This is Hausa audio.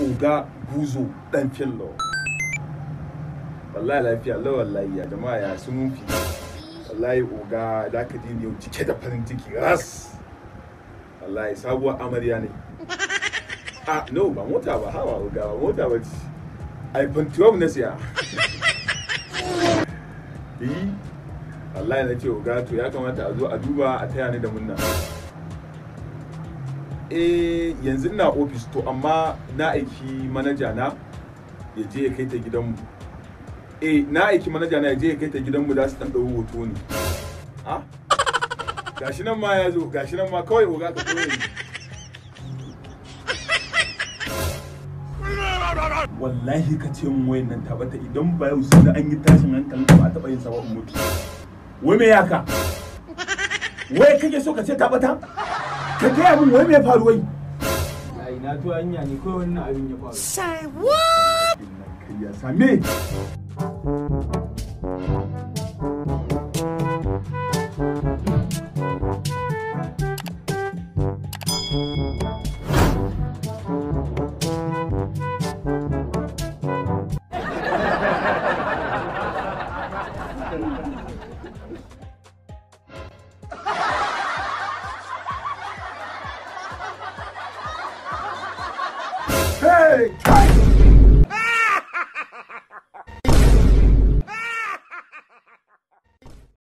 oga guzo dan fillo wallahi lafiya la wallahi ya jama'a ya sun fi wallahi oga da ka dini yau cike da farin ciki ras wallahi sabuwar amarya ne ah no ba mota ba hawa oga ba mota ba ce iphone 12 na siya yi eh, wallahi na ce oga to ya kamata a zo a duba a taya ni da munna eh yanzu ina ofis to amma na aiki manaja na ya je ya kai ta gidanmu eh na aiki manaja na ya je ya kai ta gidanmu za su dan hoto ne ha gashi nan ma ya zo gashi nan ma kawai oga ka koyi wallahi ka ce mun wayan nan tabata idan ba yau sai an yi tashin hankalin ba a taba yin sawa mutu wai me yaka wai kake so ka ce tabata ka kai abin wai mai faru wai na tuwa hanya ne kawai wannan abin ya faru sai what ya same Hey!